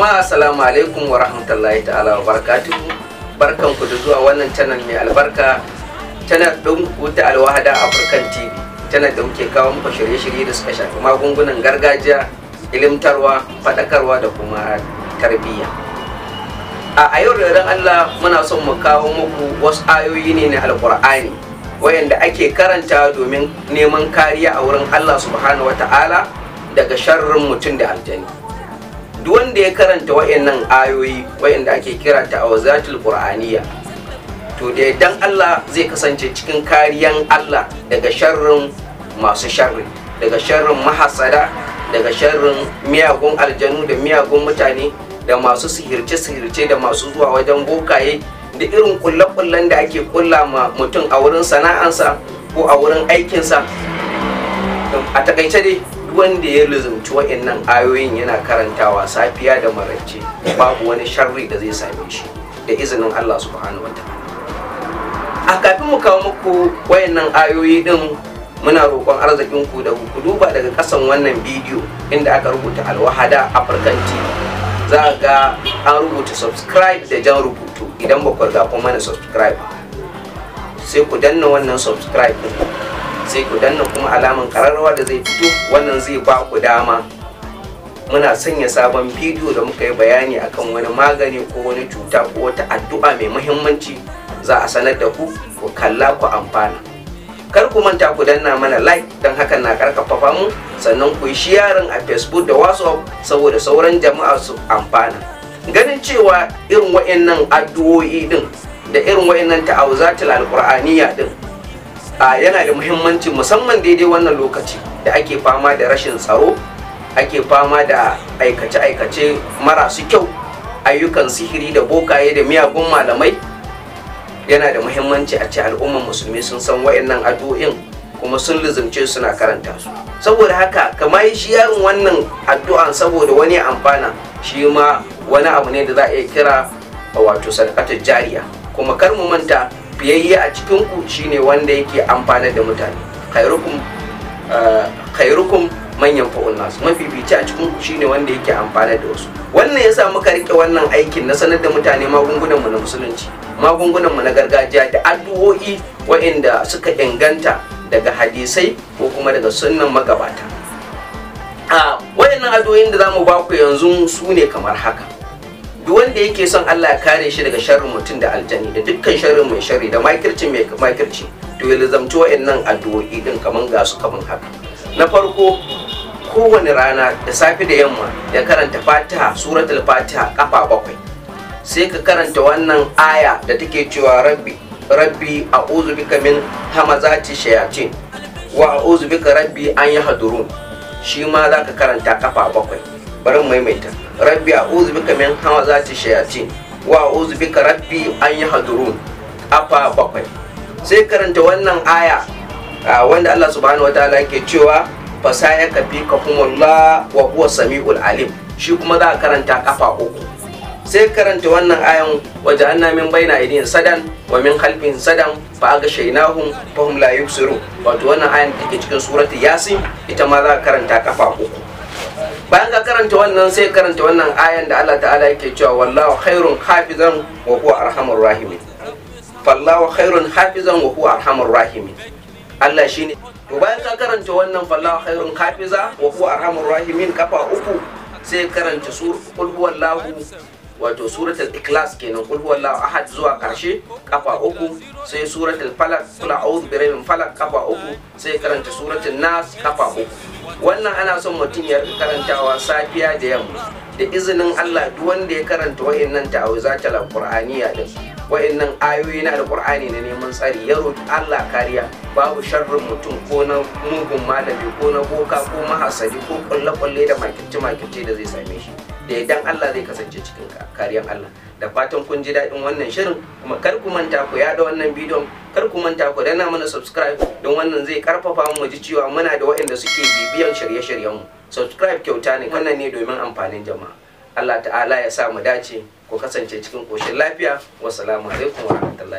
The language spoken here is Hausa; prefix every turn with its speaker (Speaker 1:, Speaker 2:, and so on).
Speaker 1: jama'a assalamu alaikum wa rahmatullahi ta'ala wa barakatuhu barkan ku da zuwa wannan channel mai albarka channel din ku ta alwahada african tv channel da muke kawo muku shirye-shirye da suka shafi magungunan gargajiya ilimtarwa faɗakarwa da kuma tarbiyya a yau da allah muna son mu kawo muku wasu ayoyi ne na alkur'ani wayanda ake karanta domin neman kariya a wurin allah subhanahu wa ta'ala daga sharrin mutum da aljani duk wanda ya karanta wayannan ayoyi wayanda ake kira ta awzatul qur'aniya to da dan Allah zai kasance cikin kariyan Allah daga sharrin masu sharri daga sharrin mahasada daga sharrin miyagun aljanu da miyagun mutane da masu sihirce-sihirce da masu zuwa wajen bokaye da irin ƙulle kullen da ake kulla ma mutum a wurin sana'ansa ko a wurin aikinsa a takaice dai duk wanda ya luzumci wa'annan ayoyin yana karantawa safiya da marance babu wani sharri da zai same shi da izinin Allah subhanahu wataala a kafin mu kawo muku wayannan ayoyi din muna roƙon arzikinku da ku duba daga ƙasan wannan bidiyo inda aka rubuta alwahada african tv za ga an rubuta subscribe da jan rubutu idan ba ku riga na mana subscribe sai ku danna wannan subscribe sai ku danna kuma alaman kararrawa da zai fito wannan zai ba ku dama muna sanya sabon bidiyo da muka yi bayani akan wani magani ko wani cuta ko wata addu'a mai muhimmanci za a sanar da ku ku kalla ku amfana kar ku manta ku danna mana like don haka na karkafafa mu sannan ku yi shiyarin a facebook da whatsapp saboda sauran jama'a su amfana ganin cewa irin wa'annan addu'o'i din da irin wa'annan ta'awuzatul alqur'aniya din yana da muhimmanci musamman daidai wannan lokaci da ake fama da rashin tsaro ake fama da aikace-aikace marasu kyau ayyukan sihiri da bokaye da miyagun malamai yana da muhimmanci a ce al'ummar musulmi sun san nan addu'o'in kuma sun lizimce suna karanta su saboda haka kama yi shi yarin wannan addu'an saboda wani amfana shi ma wani abu ne da za a iya kira wato sadakatar jariya kuma kar mu manta fiyayye a cikin ku shine wanda yake amfana da mutane khairukum eh, manyan fa'un nasu mafifici a cikin ku ne wanda yake amfana da wasu wannan yasa muka rike wannan aikin na sanar da mutane magungunan mu na musulunci magungunan mu na gargajiya da addu'o'i wa'inda suka inganta daga hadisai ko kuma daga sunnan magabata a ah, wayannan addu'o'in da zamu ba ku yanzu su ne kamar haka duk wanda yake son Allah ya kare shi daga sharrin mutum da aljani da dukkan sharrin mai sharri da makirci mai makirci to ya lizamci wa'annan addu'o'i din kaman ga su kaman haka na farko kowane rana da safe da yamma ya karanta fatiha suratul fatiha kafa bakwai sai ka karanta wannan aya da take cewa rabbi rabbi a'udhu bika min hamazati shayatin wa a'udhu bika rabbi an yahdurun shi ma zaka karanta kafa bakwai bari maimaita rabbi uzu bika min hawa za ta shayace wa uzu bika rabbi an yahdurun afa bakwai sai karanta wannan aya wanda Allah subhanahu ta'ala ke cewa fasayaka fi kahumullah wa huwa sami'ul alim shi kuma za a karanta kafa uku sai karanta wannan ayan waje an min baina idin sadan wa min khalfin sadan fa aga shaynahum fa hum la yubsirun wato wannan ayan take cikin surati yasin ita ma za a karanta kafa uku bayan ka karanta wannan sai karanta wannan ayan da Allah ta'ala yake cewa wallahu khairun hafizan wa huwa arhamur rahimin fallahu khairun hafizan wa huwa arhamur rahimin Allah shine to bayan ka karanta wannan fallahu khairun hafiza wa huwa arhamur rahimin kafa uku sai karanta sur qul huwallahu wato suratul ikhlas kenan kul huwallahu ahad zuwa karshe kafa uku sai suratul falaq kula a'udhu birabbil falaq kafa uku sai karanta suratul nas kafa uku wannan ana son mutum ya karantawa safiya da yamma da izinin Allah duk wanda ya karanta wa'annan ta'awizatul qur'aniya din wa'annan ayoyi na Qur'ani na neman tsari ya roki Allah kariya babu sharrin mutum ko na mugun malami ko na boka ko mahasadi ko kullakulle da makice-makice da zai same shi da idan Allah zai kasance cikin kariyan Allah da fatan kun ji daɗin wannan shirin kuma kar ku manta ku yada wannan bidiyon kar ku manta ku danna mana subscribe don wannan zai karfafa mu ji cewa muna da waɗanda suke bibiyan shirye-shiryen mu subscribe kyauta ne wannan ne domin amfanin jama'a Allah ta'ala ya sa mu dace ku kasance cikin koshin lafiya wassalamu alaikum rahmatullahi